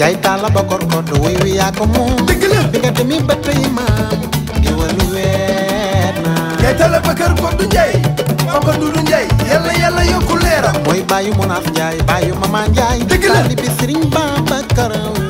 jaay taal la ba korkot wuy wi yaa ko moom. dëgg la bi ba tey maam. géwëlu weer naa. jaay taal la ba korkot du njaay. papa Dudu Njaay. yàlla yàlla yokku leeram. mooy baayu Munaaf Njaay baayu Mama Njaay. dëgg la taalibi Sëriñ Babacar